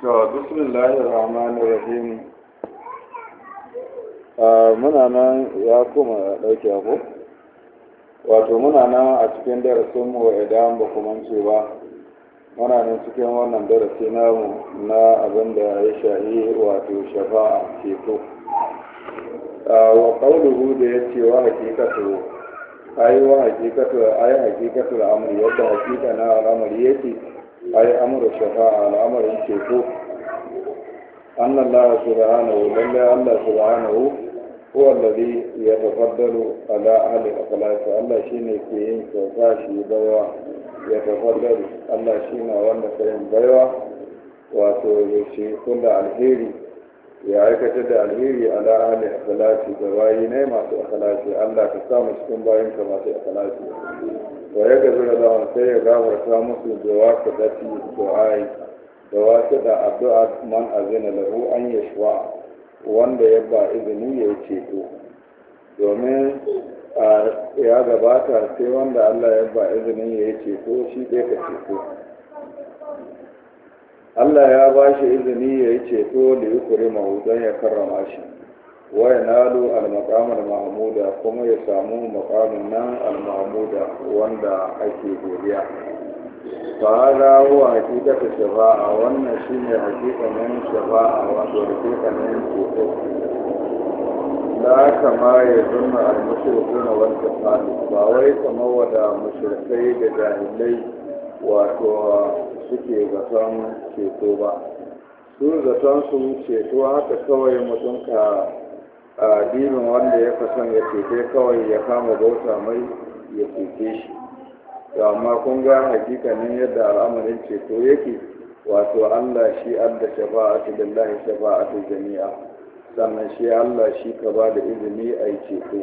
To, bismillahir rahmanir rahim. Ah, muna nan ya koma ya ɗauke ko? Wato muna nan a cikin darasin mu idan ba kuma ce ba. Muna nan cikin wannan darasi namu na abin da ya shahi wato shafa'a ceto. Ah, wa ƙauluhu da ya ce wa hakikatu ai wa hakikatu ai hakikatu al'amri yadda hakika na al'amari yake ai amru shafa'a al'amarin ceto annan Allah subhanahu lalle Allah subhanahu huwa alladhi yatafaddalu ala ahli akhlaq Allah shine ke yin kyauta shi baiwa ya tafaddalu Allah shine wanda ke yin baiwa wato shi ce kullu alheri ya aikata da alheri ala a akhlaqi da bayi ne masu akhlaqi Allah ka sa cikin bayan ka masu akhlaqi wa ya gazara da sai ya gafarta musu da waka dati du'ai da wata da addu'a man azina lahu an shuwa wanda ya ba izini ya ceto domin ya gabata sai wanda Allah ya ba izinin ya yi ceto shi ɗaya ka ceto Allah ya ba shi izini ya yi ceto da yi kure don ya karrama shi wa ya nalo al mahmuda kuma ya samu maqamin nan al wanda ake godiya a hada huwa haqiqatu shafa'a wannan shi shine haqiqanin shafa'a wato haqiqanin ceto la kama ya zunna al-mushrikuna wal ba wai kama wada mushrikai da jahilai wato suke zaton ceto ba su zaton su ceto haka kawai mutum ka dinin wanda ya kasan ya cece kawai ya kama bauta mai ya cece shi to amma kun ga hakikanin yadda al'amarin ceto yake wato Allah shi adda shafa'atu lillahi shafa'atu jami'a sannan shi Allah shi ka ba da izini a yi ceto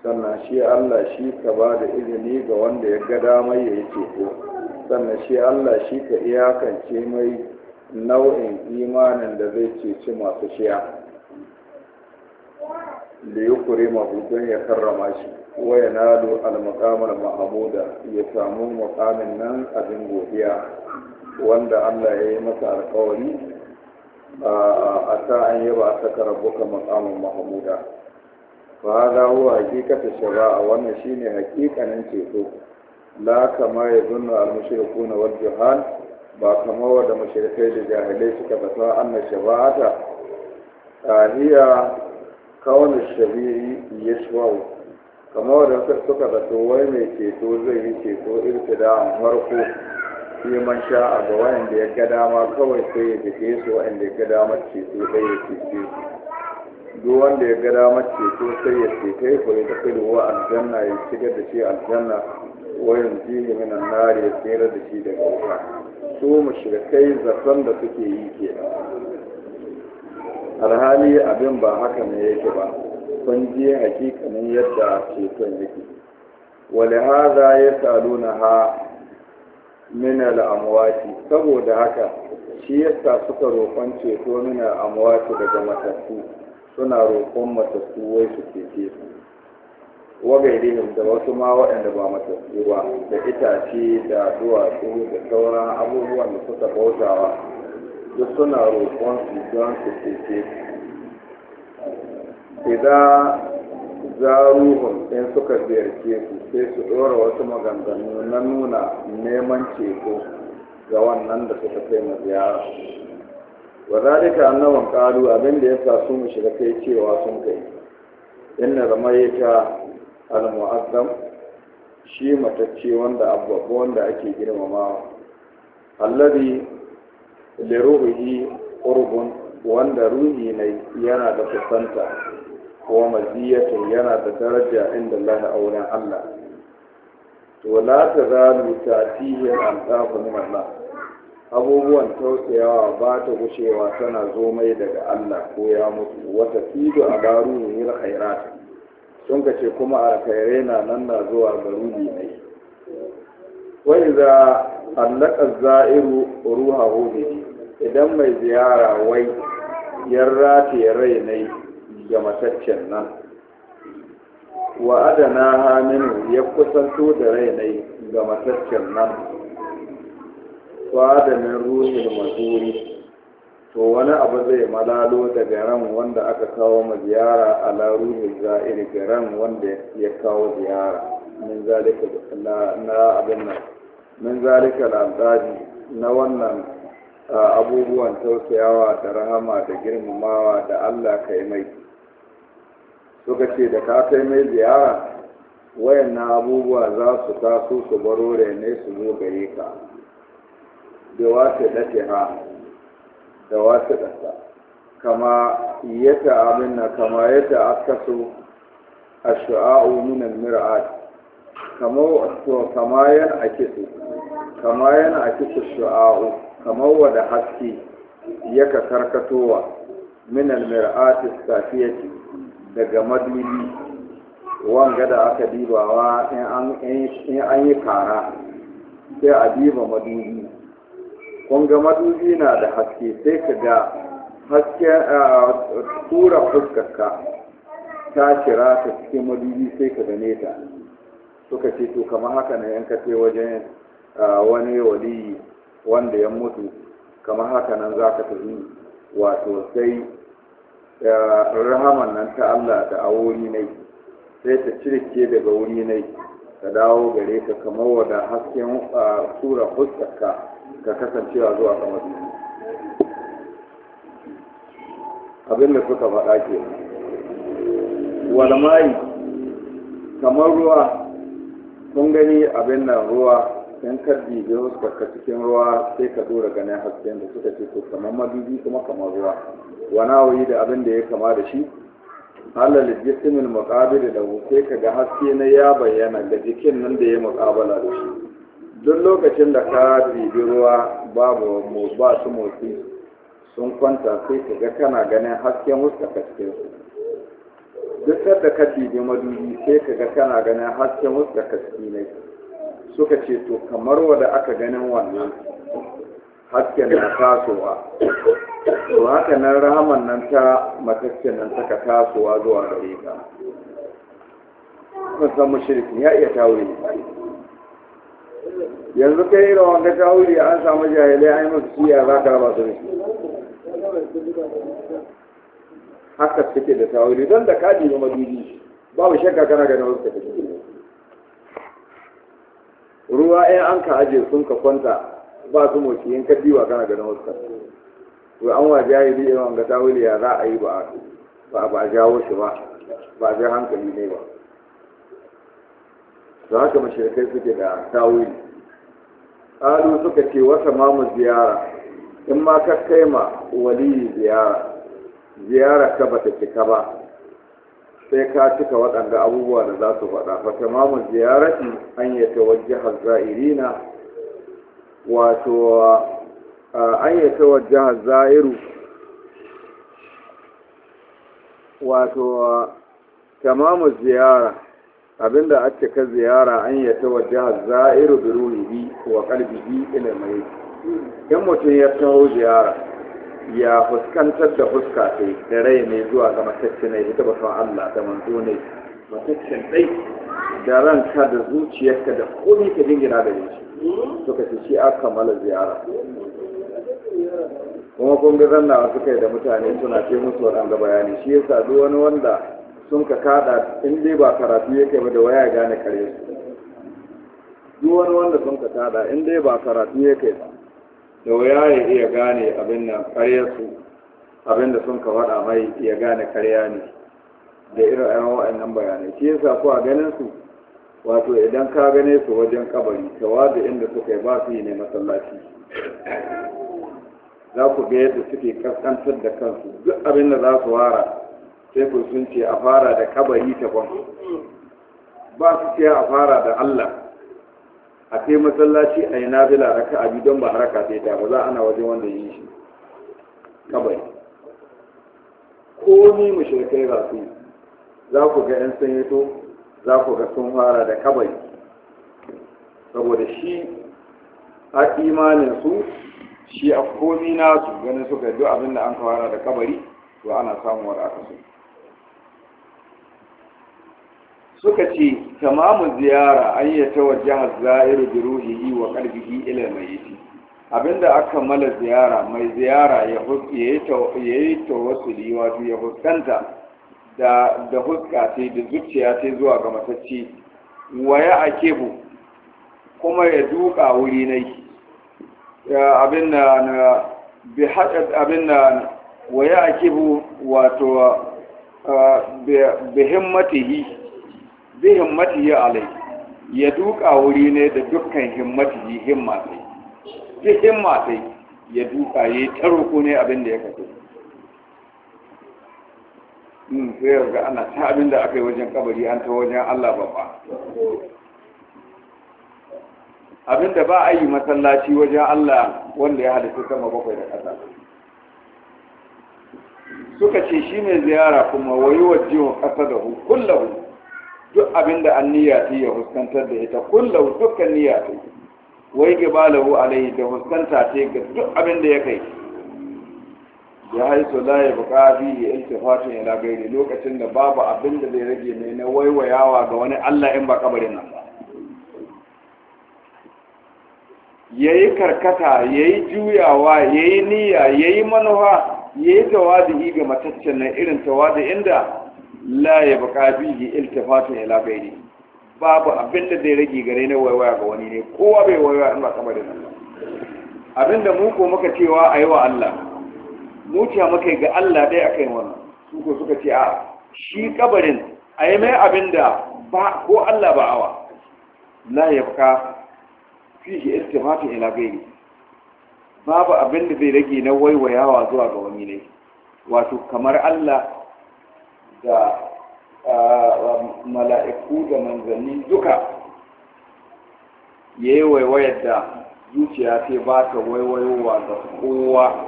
sannan shi Allah shi ka ba da izini ga wanda ya gada damar ya yi ceto sannan shi Allah shi ka iyakance mai nau'in imanin da zai ceci masu shiya da ya kure don ya karrama shi waya nalo almakamar mahamuda ya samu makamin nan abin godiya wanda Allah ya yi masa alkawari a ta an yi ba a saka rabuka makamin mahamuda za hada huwa hakikata a wannan shi ne hakikanin ceto la kama ya zunna al-mushrikuna wal juhal ba kama wadda mushrikai da jahilai suka fata anna shafa'ata tahiya kawun shafi'i yashwa'u kama wanda suka fata wai mai ceto zai yi ceto irtida farko fi man sha a ga wanda ya ga dama kawai sai ya fice su wanda ya ga dama ceto sai ya cece su duk wanda ya ga damar ceto sai ya ceto ya kuri da kai wa aljanna ya shigar da shi aljanna wayan jihi minan nari ya tsere da shi daga wuta su kai zaton da suke yi ke alhali abin ba haka ne yake ba kun ji hakikanin yadda ceton yake walihaza ya saluna ha min al'amwati saboda haka shi yasa suka roƙon ceto a al'amwati daga matattu suna roƙon matattu wai su ce su ne da wasu ma waɗanda ba mata ba da itace da duwatsu da sauran abubuwan da suka bautawa duk suna roƙon su don su cece idan ruhun in suka ziyarce su sai su ɗora wasu maganganu na nuna neman ceto ga wannan da suka kai na ziyara wa annaban ƙalu abin da yasa su kai cewa sun kai inna ramaita al-mu'azzam shi matacce wanda abubuwa wanda ake girmamawa alladhi li ruhihi qurbun wanda ruhi ne yana da kusanta wa maziyatun yana da daraja inda Allah a wurin Allah to la tazalu ta'tihi al-antafu min Allah abubuwan tausayawa ba ta gushewa tana zo mai daga Allah ko ya mutu wata fido a baru ne khairat sun ka ce kuma kayare na nan na zuwa garu ne ne wai za a za'iru ruha hudu idan mai ziyara wai yan rataye rai ne ga mataccen nan wa adana haminu ya kusanto da rai ne ga mataccen nan wa nan ruhin mazuri to wani abu zai malalo daga ran wanda aka kawo ma ziyara a laruhin za'ir ga ran wanda ya kawo ziyara min zalika na abin nan min zalika lantaji na wannan abubuwan tausayawa da rahama da girmamawa da allah kai mai suka ce da ka kai mai ziyara wayannan abubuwa za su taso su baro ne su zo gare ka da wata ha da wasiƙarsa kama ya yata abinna kama ya yata akaso a sha'a'u minan mir'at kama to kama yana akisu kama yana akisu sha'a'u kama wada haske ya ka karkatowa minan mir'at safiyati daga madubi wanga da aka dibawa in an yi kara sai a diba madubi kun ga madubi na da haske sai ka ga haske a tura fuskarka ta shira ta cikin madubi sai ka gane ta suka ce to kamar haka na yanka ce wajen wani waliyi wanda ya mutu kamar haka nan za ka tafi wato sai rahaman nan ta Allah da a wuri nai, sai ta cirke daga wuri nai, ka dawo gare ka kamar wada hasken tura fuskarka ga kasancewa zuwa ga madina abin da suka faɗa ke walmai kamar ruwa sun gani abin nan ruwa in ka dibe ka cikin ruwa sai ka dora ganin hasken da suka ce ko kamar mabibi kuma kamar ruwa wana wayi da abin da ya kama da shi halal jismin muqabil da sai ka ga haske na ya bayyana ga jikin nan da ya makabala da shi duk lokacin da ka bibi ruwa babu mu ba su motsi sun kwanta sai ka ga kana ganin hasken wuska ka cikin su duk da ka bibi madubi sai ka ga kana ganin hasken wuska ka ciki ne suka ce to kamar wanda aka ganin wannan hasken na tasowa to haka nan rahaman nan ta matakken nan ta ka tasowa zuwa gare ka san shirki ya iya tawo ne yanzu kai yi rawan ga tawuri an samu jahilai an yi masu siya za ka raba su ne haka suke da tawuri don da kaji ne madubi babu shakka kana ganin wasu tafi. fi ruwa ɗaya an ka aje sun ka kwanta ba su moci in ka diwa kana ganin wasu ta to an wa jahili yawan ga tawuri ya za a yi ba a jawo shi ba ba a hankali ne ba da haka mashirkai suke da tawili ƙalu suka ce wata mamu ziyara in ma ka kai ma wali ziyara ziyara ka ba ta cika ba sai ka cika waɗanda abubuwa da za su faɗa fata mamu ki an yi tawajjihar za'irina wato an yi tawajjihar za'iru wato tamamu ziyara abinda a ka ziyara an ya ta wajen za'iru bi ruhihi wa qalbihi ila mai in mutum ya taho ziyara ya fuskantar da fuska sai da rai ne zuwa ga matacce ne ita ba son Allah da manzo ne matacce dai da ranka da zuciyarka da komai ka dingira da shi to ka shi aka kamala ziyara kuma kun ga zanna suka yi da mutane suna ce musu waɗanda bayani shi yasa duk wani wanda sun ka kada in dai ba karatu yake ba da waya ya gane kare su duk wani wanda sun ka kada in dai ba karatu yake ba da waya ya iya gane abin nan kare su abin da sun ka faɗa mai ya gane karya ne da irin nan bayanai shi yasa ko a ganin su wato idan ka gane su wajen kabari tawadu inda suka yi ba su yi ne masallaci za ku ga yadda suke kaskantar da kansu duk abin da za su wara sai ku sun ce a fara da kabari ta ban ba su ce a fara da Allah a kai masallaci a yi nafila raka bi don ba haraka sai ta ba za ana waje wanda yi shi kabari ko ni mushrikai ba su za ku ga yan sanyato za ku ga sun fara da kabari saboda shi a imanin su shi a komi su ganin suka duk abin da an fara da kabari to ana samuwar aka suka ce tamamu ziyara an yi ta wajen zairu bi ruhihi wa qalbihi ila mayyiti abinda aka mala ziyara mai ziyara ya yi tawassuli wato ya fuskanta da da huska ce da zuciya ta zuwa ga matacci waya akebu kuma ya duka wuri nai abin na bi a abin na waya akebu wato bi himmatihi zai himmati ya alai ya duka wuri ne da dukkan himmati himma sai duk himma sai ya duka ya ta ne abin da ya kace in hmm, sai ga ana ta abin da aka yi wajen kabari an ta wajen Allah babba abin da ba a yi masallaci wajen Allah wanda ya halitta sama bakwai da ƙasa suka ce shi ne ziyara kuma wayo wajen ƙasa da hukullahu duk abin da an niyya ta ya huskantar da ita kullum dukkan niyya ta wai gibalahu alaihi da huskanta ta ga duk abin da ya kai ya haisu la ya buƙa fihi iltifatun ya gairi lokacin da babu abin da zai rage mai na waiwayawa ga wani Allah in ba kabarin nan ba yayi karkata yi juyawa ya yi niyya ya yi yayi ya yi tawadi ga mataccen nan irin tawadi inda la ya baka fihi iltifatun ila labari babu abin da zai rage gare na waiwaya ga wani ne kowa bai waiwaya in ba kamar da Allah abin da mu muka cewa a yi wa Allah mu ce ga Allah dai aka yi wani su suka ce a shi kabarin a yi mai abin da ba ko Allah ba awa la ya baka fihi iltifatun ila labari babu abin da zai rage na wa zuwa ga wani ne wato kamar Allah da mala'iku da manzanni duka ya yi waiwayar da zuciya ce ba ta waiwayowa da kowa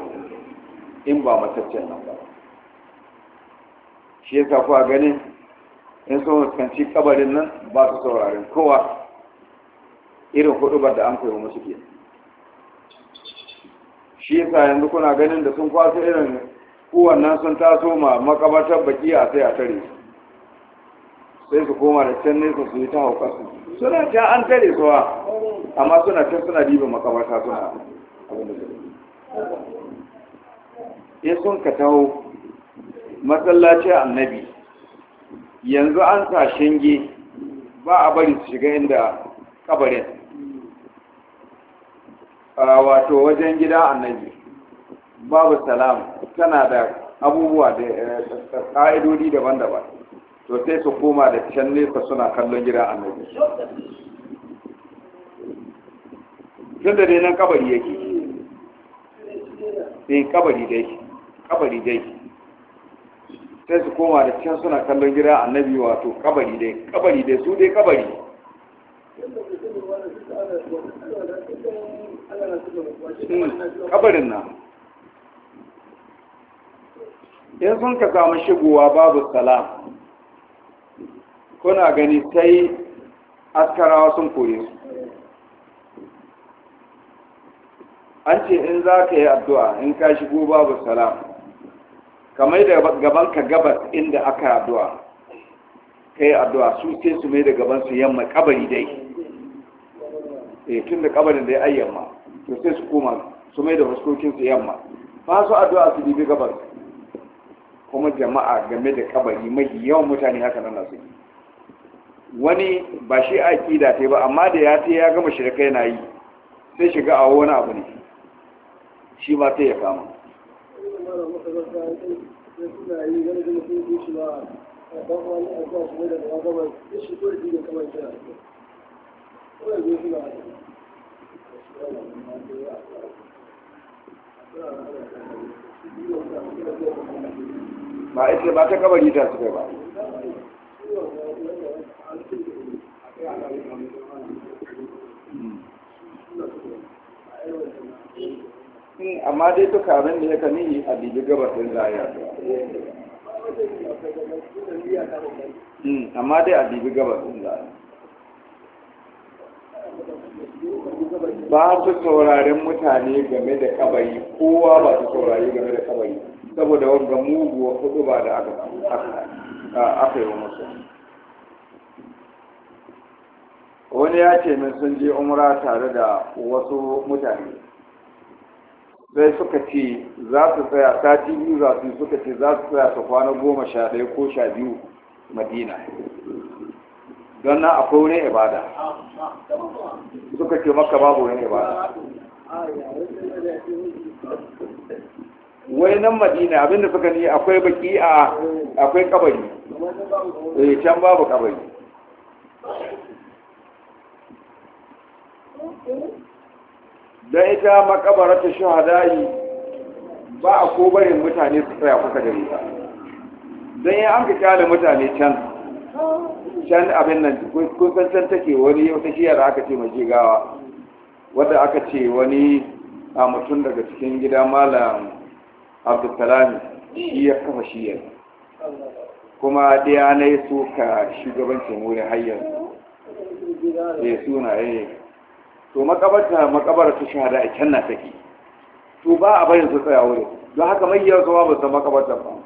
in ba mataccen nan ba shi tafi a ganin in sun fuskanci kabarin nan ba su saurarin kowa irin hudubar da an koyo musu ke shi yasa yanzu kuna ganin da sun kwaso irin kowannan sun taso ma makabatar a sai a tare sai su koma da can nesa su yi ta haukarsu suna ta an tare suwa amma suna can suna dibin makabata suna in sun ka taho masallacin annabi yanzu an sa shinge ba a bari su shiga inda kabarin wato wajen gida annabi babu salam tana da abubuwa da eh, ƙa'idodi daban-daban to sai su koma da can nesa suna kallon gidan annabi tun da dai nan kabari yake sai eh, kabari dai kabari dai sai su koma da can suna kallon gidan annabi wato kabari dai kabari dai su dai kabari hmm, kabarin nan in sun ka samu shigowa babu sala kuna gani sai askarawa sun koye su an ce in za ka yi addu'a in ka shigo babu sala kamar da gaban ka gabas inda aka addu'a ka yi addu'a su sai su mai da gaban su yamma kabari dai e eh, tun da kabarin da ya ayyamma to sai su koma su mai da fuskokin su yamma ba su addu'a su bibi gabas kuma jama'a game da kabari mai yawan mutane haka nan nasu wani ba shi a ƙida ta ba amma da ya ta ya gama shirka yana yi sai shiga a wani abu ne shi ba ta ya kama Thank you. ba ita ba ta kabari ta suka ba hmm. Hmm, amma dai duka abin da ya kani a bibi sun zaya hmm, amma dai a bibi sun zaya ba su saurarin mutane game da kabari kowa ba su saurari game da kabari saboda wanda muguwa hudu ba da aka yi wa musu wani ya ce min sun je umra tare da wasu mutane sai suka ce za su tsaya sati biyu za su suka ce za su tsaya su kwana goma sha ɗaya ko sha biyu madina don na akwai wurin ibada suka ce maka babu wurin ibada wai nan madina abinda suka ne akwai baki a akwai kabari eh can babu kabari da ita ta shahadai ba a ko barin mutane su tsaya kusa da ita don yi an ka kyale mutane can Shani abin nan kun san take wani wata shiya da aka ce mai jigawa wadda aka ce wani a mutum daga cikin gida malam abdulsalami shi ya kafa shiyar kuma ɗaya na yi ka shugabancin wurin hanyar ya eh, suna ya to makabarta makabarta ta shahada a can na take to ba a bayan su tsaya wurin don haka mai yau kuma ba su makabarta ba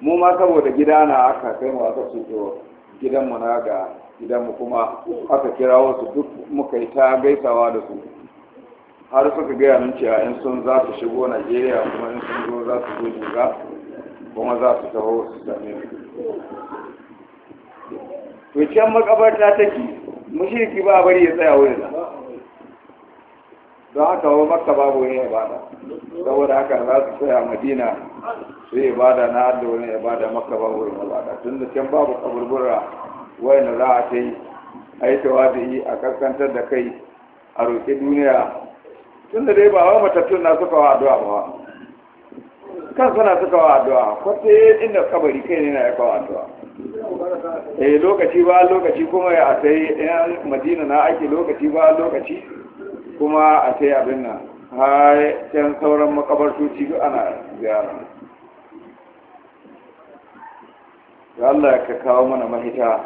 mu ma saboda gida na aka kai mu aka ce to gidan mu na ga gidan mu kuma aka kira wasu duk muka yi ta gaisawa da su har suka gaya mun cewa in sun za su shigo Najeriya kuma in sun zo za su zo juga kuma za su taho su same mu to can makabarta take mushriki ba bari ya tsaya wurin don haka wa maka babu wani ibada saboda haka za su tsaya madina su yi ibada na adda wani ibada maka babu wani ibada tun da can babu kaburbura wayanda za a ta yi a yi a kaskantar da kai a roƙi duniya tun da dai ba wa matattun na suka wa addu'a ba kan suna suka wa addu'a yi inda kabari kai ne na ya kawo addu'a eh lokaci ba lokaci kuma ya a sai madina na ake lokaci ba lokaci kuma a sai abin nan har can sauran makabartoci duk ana ziyara Ya Allah ka kawo mana mahita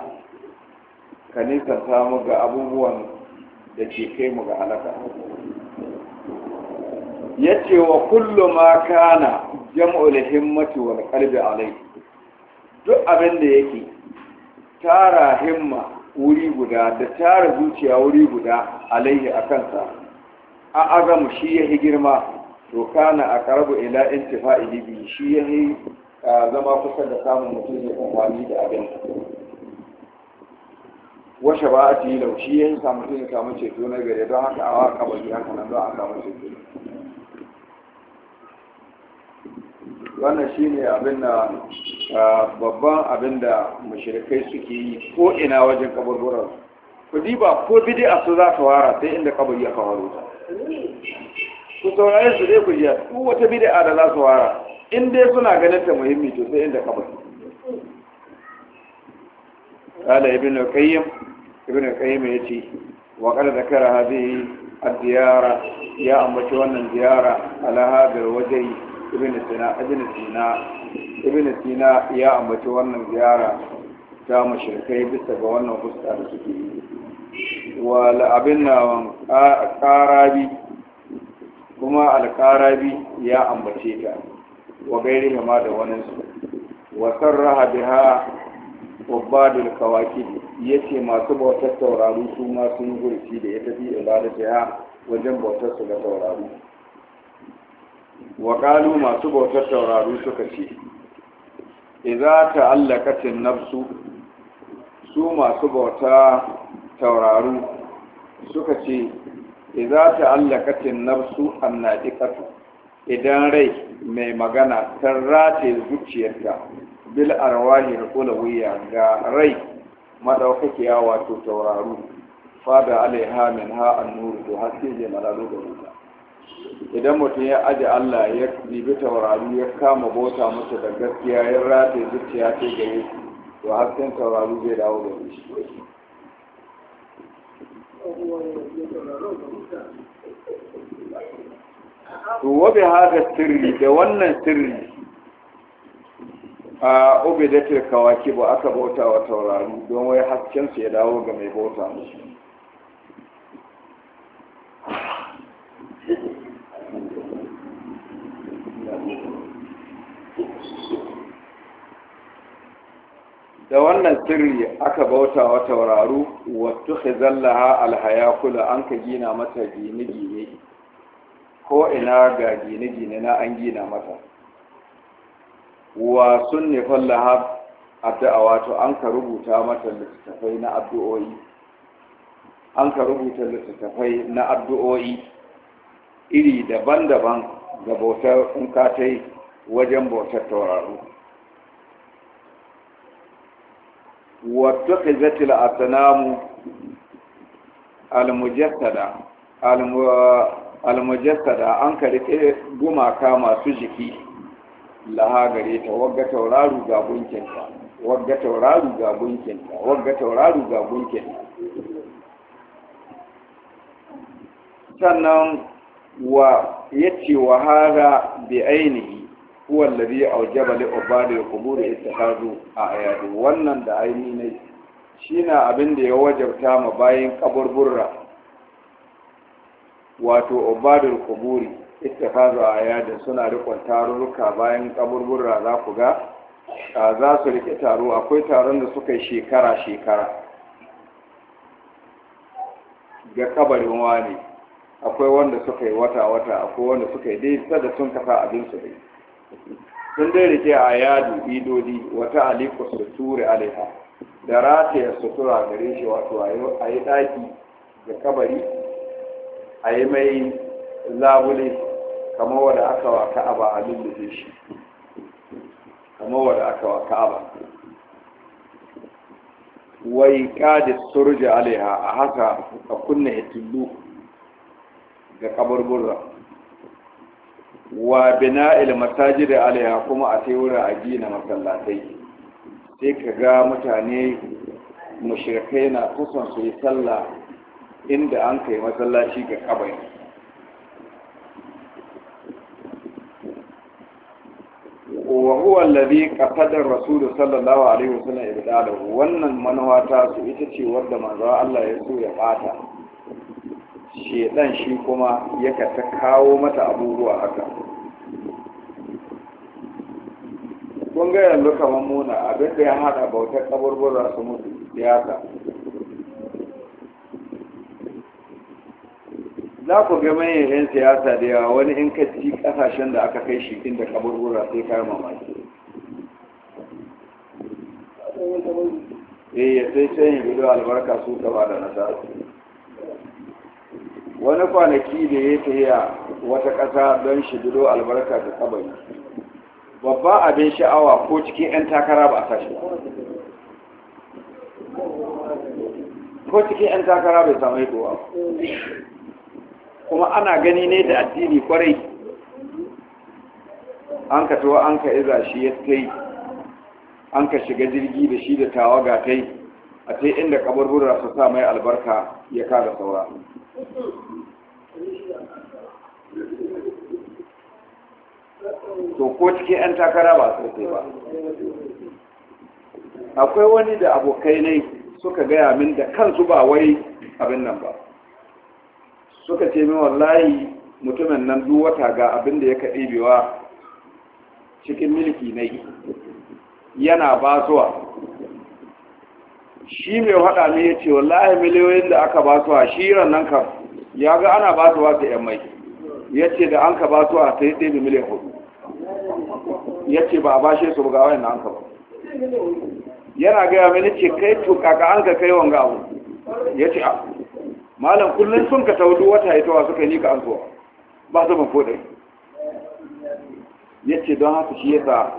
ka nisanta mu ga abubuwan da ke kai mu ga halaka ya ce wa kullum ma kana jam'ul himmati wal qalbi alai duk abin da yake tara himma wuri guda da tara zuciya wuri guda alaihi sa a azamu shi ya yi girma to kana a karabu ila intifa'i bi shi ya yi zama kusa da samun mutum ya amfani da abin washe ba a tiyi lau shi ya yi samu mutum ya samu ceto na gare don haka awa kabari haka nan don a samu ceto wannan shi ne abin da babban abin da mashirikai suke yi ko ina wajen kaburburan ku diba ko bidi a su za ta wara sai inda kabari ya kawo ta ku saurare su dai ku jiya duk wata bid'a da za su wara in dai suna ganin ta muhimmi to sai inda kamar قال ابن القيم ابن القيم يتي وقد ذكر هذه الزيارة يا أمتشون الزيارة على هذا الوجه ابن Sina ابن سينا ابن سينا يا أمتشون ta mashirkai bisa ga wannan fuska da suke wa abin nawan ƙarabi kuma alƙarabi ya ambace ta wa gairi ma da Wasan wa sarraha biha ubadul kawakib yace masu bautar tauraru su ma sun gurfi da ya tafi ibadatiha wajen bautar su da tauraru. wa qalu masu bautar tauraru suka ce idza ta'allaqatin nafsu su masu bauta tauraru suka ce idza ta'allaqatin nafsu annadiqatu idan rai mai magana ta rataye zuciyarta bil arwahi kula wuya ga rai madaukakiya wato tauraru fada alaiha min ha annuru to haske je malalu da wuta idan mutum ya ajiye Allah ya bibi taurari ya kama bota masa da gaskiya ya rataye zuciya ce gare to hasken taurari zai dawo da shi to wabe haka sirri da wannan sirri a obedatar kawaki ba aka bauta wa taurari don wai haskensu ya dawo ga mai bauta da wannan sirri aka bauta wa tauraru wattu khizallaha alhayakula an ka gina mata gine-gine ko ina ga gine-gine na an gina mata wa sun nifallaha addu'awatu an ka rubuta mata littattafai na addu'o'i an ka rubuta littattafai na addu'o'i iri daban-daban ga bautar in ka ta yi wajen bautar tauraro واتخذت الأصنام المجسدة المجسدة أنكرت قما كما سجكي لها غريتا وقت تورارو غابون كنتا وقت تورارو غابون كنتا وقت sannan wa yace wahara bi ainihi huwa alladhi awjaba li ubadi al-qubur ittikhadu Ayadu, wannan da aini ne shine abin da ya wajabta ma bayan kaburburra wato ubadul quburi ittikhadu Ayadu suna rikon tarurruka bayan kaburburra za ku ga za su rike taro akwai taron da suka yi shekara shekara ga kabarin wani akwai wanda suka yi wata wata akwai wanda suka yi dai sada sun kasa abin su dai sun dai rike a yadu idodi wata alifu ture alaiha da rataya sutura gare shi wato a yi ɗaki da kabari a yi mai labule kamar wadda aka wa ka'aba a lullube shi kamar wadda aka wa ka'aba wai kadis surja alaiha a haka a kunna hitullu ga burra wa bina'il da alaiha kuma a sai wurin a gina masallatai sai ka ga mutane mushrikai na kusan su yi sallah inda an kai masallaci ga kabai wa huwa alladhi qasada rasul sallallahu alaihi wasallam ibadahu wannan manhawa ta su ita ce wanda manzo Allah ya so ya ɓata. shedan shi kuma yaka ta kawo mata abubuwa haka kun ga yanzu kamar muna abin da ya hada bautar kaburbura su mutu siyasa za ku ga manyan 'yan siyasa da yawa wani in ka ci kasashen da aka kai shi inda kaburbura sai kayan mamaki E, eh, ya sai can yi albarka su gaba da nasara wani kwanaki da ya tahiya wata ƙasa don shi albarka da kabari babba abin sha'awa ko cikin 'yan takara ba a sashi ko cikin 'yan takara bai samu haihuwa kuma ana gani ne da addini kwarai an ka tuwa an ka iza shi ya tai an ka shiga jirgi da shi da tawaga tai a tai inda kaburbura su sa mai albarka ya kada saura to ko cikin 'yan takara ba sosai ba akwai wani da abokai ne suka gaya min da kansu ba wai abin nan ba suka ce min wallahi mutumin nan duk wata ga abin da ya kaɗe biwa cikin milki ne yana ba zuwa shi mai haɗa ne ya ce wallahi miliyoyin da aka ba su a shirin nan kan ya ga ana ba su wata yan mai ya ce da an ka ba su a sai ɗaya miliyan hudu ya ce ba a ba shi su ga yana an ka ba yana gaya mini ce kai tuka ka an ka kai wanga abu ya ce a, malam kullum sun ka taudu wata haitawa suka yi ka an zuwa ba su ban kodai ya ce don haka shi ya sa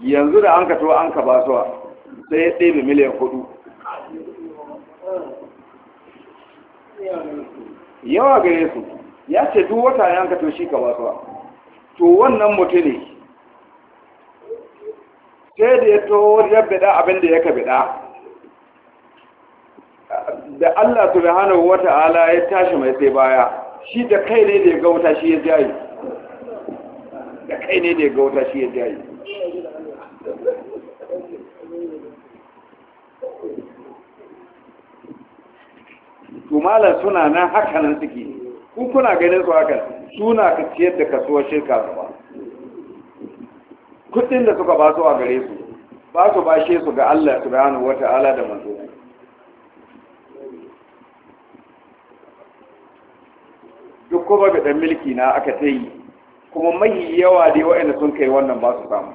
yanzu da an ka to an ka ba su sai ya ɗaya miliyan hudu yawa gare su ya ce duk wata yan to shi ka wasuwa to wannan mutu ne. sai da ya to ya bida abin da ya ka bida da Allah subhanahu ta'ala ya tashi mai sai baya shi da kai ne da ya ga wuta shi ya jayi da kai ne da ya ga wuta shi ya jayi to malam suna nan haka nan suke ku kuna ganin su haka suna ka ciyar da kasuwar shirka su ba kudin da suka ba su a gare su ba su bashe su ga Allah subhanahu wata'ala da manzo duk kuma ga dan mulki na aka tayi, kuma mai yawa dai waɗanda sun kai wannan ba su samu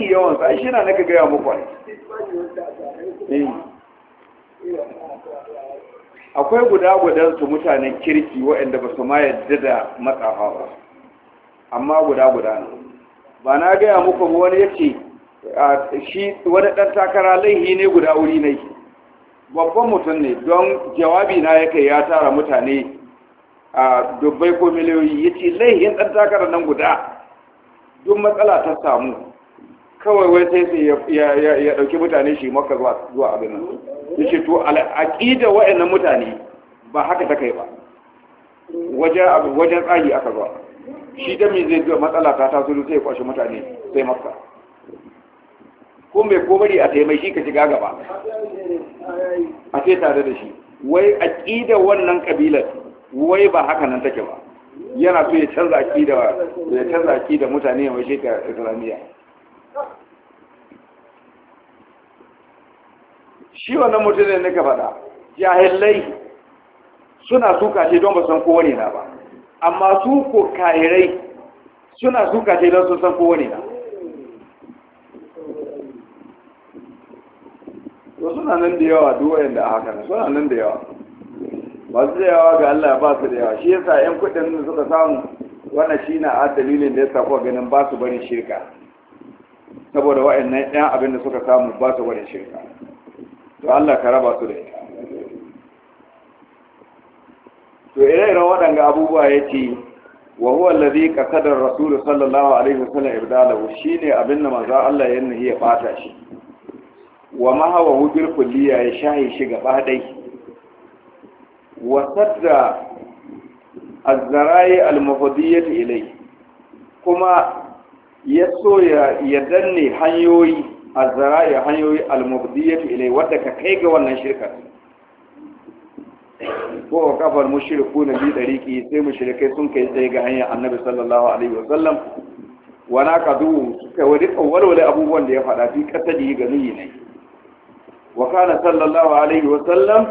mafi yawan sa shi na naka gaya muku eh. akwai guda gudan su mutanen kirki waɗanda ba su ma yadda da matsafa ba amma guda guda ne ba na gaya muku wani ya ce shi wani ɗan takara laihi ne guda wuri ne babban mutum ne don jawabi na ya kai ya tara mutane a dubbai ko miliyoyi ya ce laihin ɗan takara nan guda duk matsala ta samu kawai wai sai sai ya ɗauki mutane shi maka zuwa abin nan ya ce to aƙida wa'annan mutane ba haka ta kai ba wajen tsari aka zuwa shi da me zai matsala ta taso sai ya kwashe mutane sai maka ko mai komari a shi ka shiga gaba a sai tare da shi wai aƙida wannan ƙabilar wai ba haka nan take ba yana so ya canza aƙida mutane ya mai shekara islamiyya shi wannan mutumin na gaba faɗa jahilai suna suka ce don ba san kowane na ba amma su ko kairai suna suka ce don su san kowane na to suna nan da yawa duwayen da haka suna nan da yawa masu da yawa ga Allah ba su da yawa shi yasa 'yan kudin da suka samu wannan shi na a dalilin da ya sa ganin ba su barin shirka saboda wa'annan 'yan abin da suka samu ba su barin shirka to Allah ka raba su da ita to ire-iren waɗanga abubuwa ya ce wa huwa allazi qasadar sallallahu alaihi wasallam ibdalahu ne abin da za Allah ya nahi ya bata shi wa ma hawa kulliya ya shahi shi gaba dai wa sadda azzarai almufadiyyat ilai kuma ya so ya danne hanyoyi azzara'i hanyoyi al-mubdiyatu ilai wadda ka kai ga wannan shirka ko kafar mushriku na bi dariki sai mushrikai sun kai sai ga hanyar annabi sallallahu alaihi wa sallam wa naqadu suka wadi walwala abubuwan da ya faɗa fi kasadi ga niyi ne wa kana sallallahu alaihi wa sallam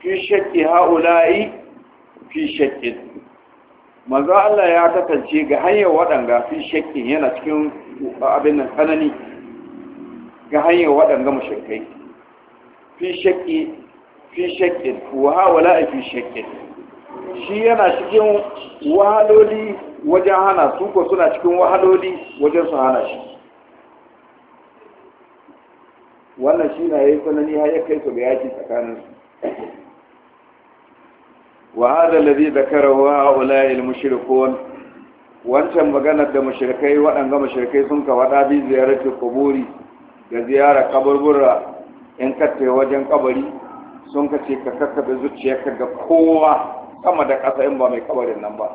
fi shakki haula'i fi shakkin manzo Allah ya kasance ga hanyar waɗanga fi shakkin yana cikin abin nan tsanani ga hanyar waɗanga mushrikai fi shakki fi shakkin wa wala fi shakkin shi yana cikin wahaloli wajen hana su ko suna cikin wahaloli wajen su hana shi wannan shi na yi tsanani har ya kai su ga yaki tsakaninsu وهذا الذي ذكره هؤلاء المشركون wancan maganar da mashirkai waɗanda mashirkai sun ka bi ziyarci kuburi da ziyara kaburbura in katte wajen kabari sun ka ce zuciyarka ga kowa sama da ƙasa in ba mai kabarin nan ba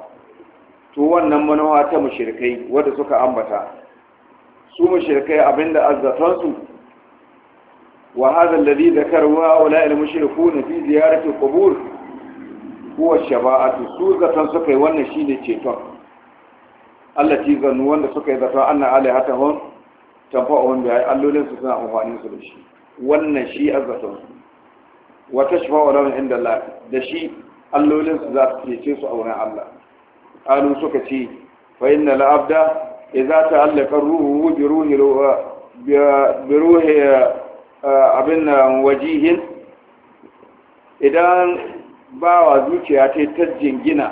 to wannan manowa ta mashirkai wadda suka ambata su mashirkai abinda azzatansu wa hadha alladhi dhakara wa ula'il mushrikuuna huwa shafa'atu su zaton suka yi wannan ne ceton Allah ci zannu wanda suka yi zaton anna wanda ya yi allolin su suna amfani su da shi wannan shi azzaton su wa tashfa'u lahum inda Allah da shi allolin su za su cece su a wurin Allah qalu suka ce fa inna al-abda idza ta'allaqa ruhu bi ruhi bi ruhi eh, abin wajihin idan bawa zuciya ta ta jingina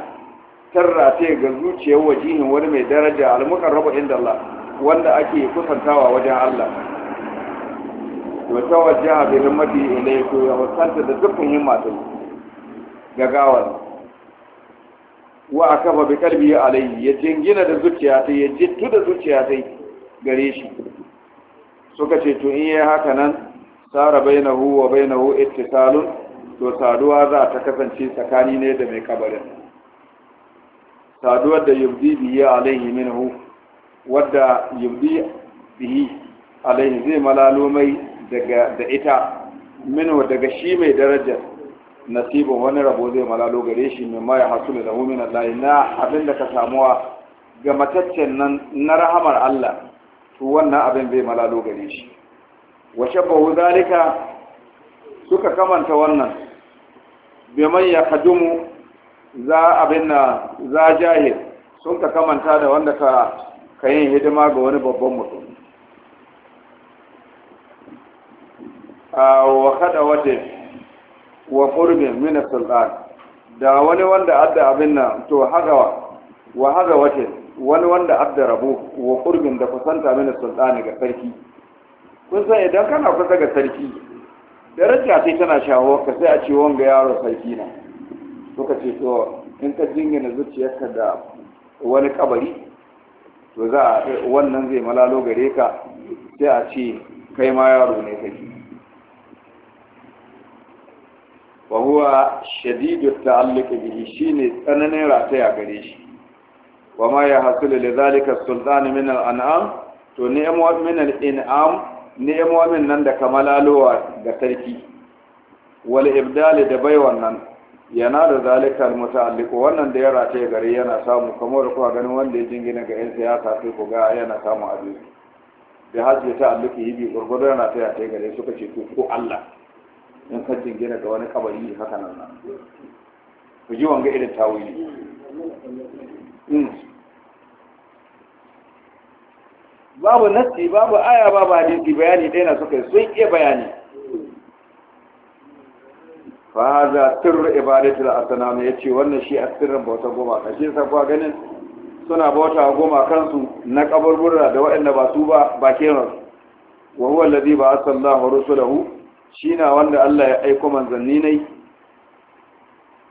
tarra ta ga zuciyar wajihin wani mai daraja al-muqarrabu inda Allah wanda ake kusantawa wajen Allah to ta wajaha bi himmati ilayhi ko ya wasanta da dukkan himma ta gagawar wa akaba bi qalbi alayhi ya jingina da zuciya ta ya jittu da zuciya ta gare shi suka ce to in yayi haka nan sara bainahu wa bainahu ittisalun to saduwa za ta kasance tsakani ne da mai kabarin saduwar da yubdi bihi alaihi minhu wadda yubdi bihi alaihi zai malalo mai daga da ita minhu daga shi mai darajar nasibin wani rabo zai malalo gare shi mai ma ya hasu da min Allah na abin da ka samuwa ga mataccen nan na rahamar Allah to wannan abin zai malalo gare shi wa shabahu zalika suka kamanta wannan biman ya hadumu za abin na za jahil sun ka kamanta da wanda ka ka yin hidima ga wani babban mutum a wa kada wata wa qurbin min sultan da wani wanda adda abin nan to hagawa wa haga wata wani wanda adda rabu wa qurbin da kusanta min sultan ga sarki kun san idan kana kusa ga sarki daraja sai tana shawo ka sai a ce wanga yaro sarki na suka ce to in ka jingina zuciyarka da wani kabari to za a wannan zai malalo gare ka sai a ce kai ma yaro ne kake wa huwa shadidu ta'alluq bihi shine tsananin rataya gare shi wa ma ya hasulu lidhalika sultan min al-an'am to ni'mat min al-in'am Nemomin nan da kamalalowa ga sarki wal ibdali da bai wannan yana da zalika mutalliku wannan da ya rataya gare yana samu kamar kuwa ganin wanda ya jingina ga yan siyasa sai ku ga yana samu abu da hajji ta alluki yi bi gurgudu yana ta yata gare suka ce ko Allah in ka jingina ga wani kabari haka nan ku ji wanga irin tawili hmm. babu nasi babu aya babu hadisi bayani ɗaya na suka yi sun iya bayani fa za sirru ibadatul asnam yace wannan shi asirrin bauta goma kashe sa ganin suna bauta goma kansu na kaburbura da waɗanda ba su ba ba kenan wa huwa alladhi ba'atha Allahu rusulahu shina wanda Allah ya aika manzanni ne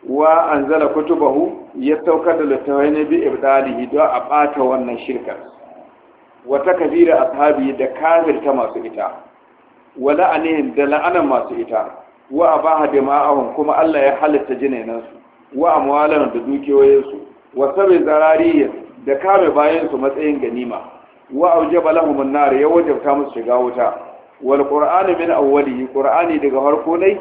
wa anzala kutubahu ya saukar da littafai ne bi ibdalihi don a bata wannan shirka. Wata kabira ashabi da kafirta masu ita wa la'anihim da la'anan masu ita wa abaha dima'ahum kuma Allah ya halitta jinainan su wa amwalan da dukiyoyin su wa sabi zarariyin da kare bayan su matsayin ganima wa aujaba lahum an-nar ya wajabta musu shiga wuta wal qur'anu min awwalihi qur'ani daga farko ne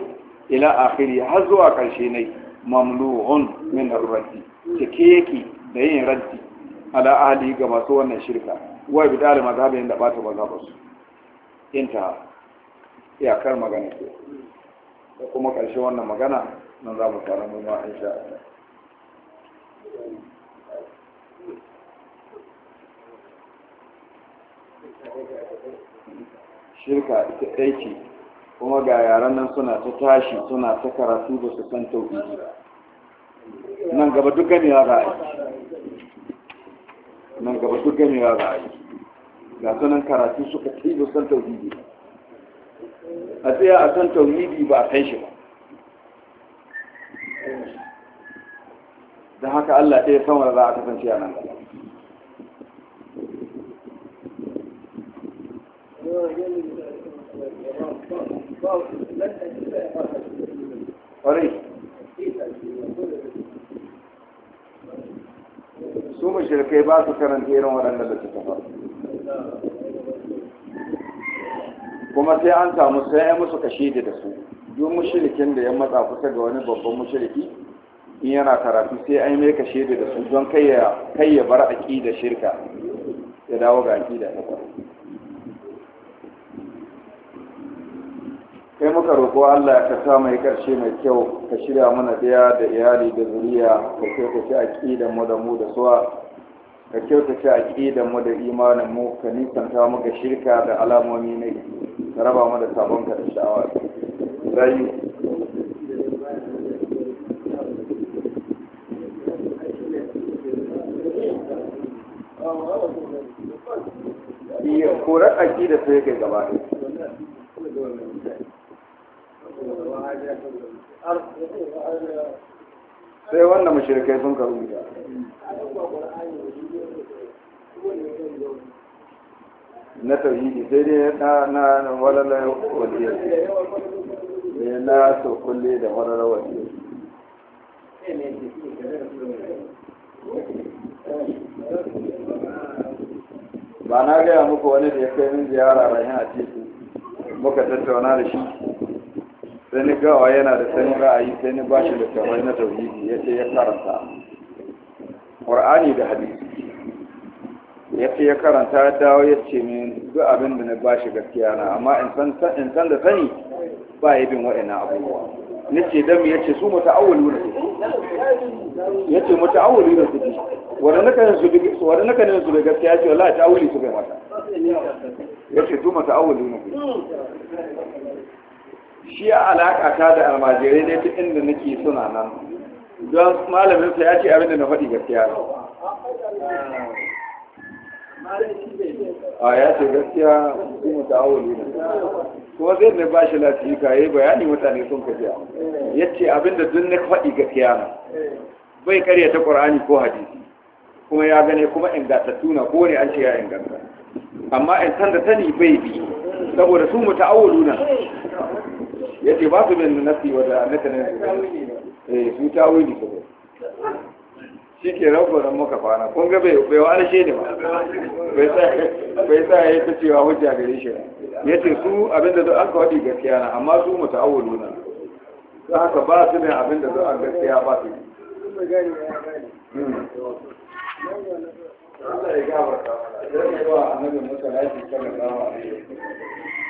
ila akhiri har zuwa karshe ne mamlu'un min ar-raddi cike yake da yin raddi ala ahli ga masu wannan shirka wa bi dalil mazhabin da bata mazhabin su inta kar magana ce da kuma karshe wannan magana nan za mu fara noma in sha shirka ita ɗaiki kuma ga yaran nan suna ta tashi suna ta karatu da su san tauhidi nan gaba duk ganewa za a yi nan gaba su gamewa za a yi ga sunan karatu suka tibu san tauhidi a tsaya a san tauhidi ba a san shi ba don haka allah ɗaya samar za a kasance a nan gaba All right. mushrikai ba su karanta irin waɗanda da suka faru kuma sai an samu sai ya musu kashe da da su duk mushrikin da ya matsa kusa ga wani babban mushriki in yana karatu sai an mai kashe da su don kai ya bar da shirka ya dawo ga kai muka roƙo Allah ya kasa mai ƙarshe mai kyau ka shirya mana ɗaya da iyali da zuriya ka kai ku ci da mu da mu da suwa ka kyautace da mu da imanin mu ka nisanta mu ga shirka da alamomi ne ka raba mu da sabon ka da sha'awa rayu iya korar aƙida sai kai gaba ɗaya sai wannan mashirkai sun karu da na tauhidi sai dai na na walalar waliyar ne eh, na so kulle da walala waliyar ba na gaya muku wani da ya kai min ziyara rahin a titi muka tattauna da shi sai ni gawa yana da sani ra'ayi sai ni shi da kawai na tauhidi ya ce ya karanta Al-Qur'ani da hadisi ya ya karanta ya dawo ya ce min duk abin da na ba shi gaskiya na amma in san da sani ba ya bin wa'ina abubuwa na ce dan ya ce su muta'awwali na su ya ce muta'awwali na su ji wanda na kanin su da gaskiya ce wallahi ta'awuli su bai mata ya ce su muta'awwali na su shi ya alaka ta da almajirai ne ta inda nake suna nan don malamin sa ya ce abin da na faɗi gaskiya ne a ya ce gaskiya hukumar ta awali ne kuma zai ne ba shi lafiya ya yi bayani mutane sun kaji ya ce abinda duk na faɗi gaskiya kiyama bai karya ta ƙwar'ani ko hadisi kuma ya gane kuma ingantattu na ko ne an ce ya inganta amma in san da sani bai bi saboda su mu ta'awulu na ya ce ba su bin nasi wadda na tanin eh, su ta wuli shi ke rabunan muka kwana kun ga bai wani shi ne ba bai sa ya ta cewa hujja gare shi ba. ya ce su abinda da aka waɗi gaskiya na amma su mutu awolu na ta haka ba su ne abinda da an gaskiya ba su hmm. Allah ya gabata, zai yi wa annabi Musa lafi kan da a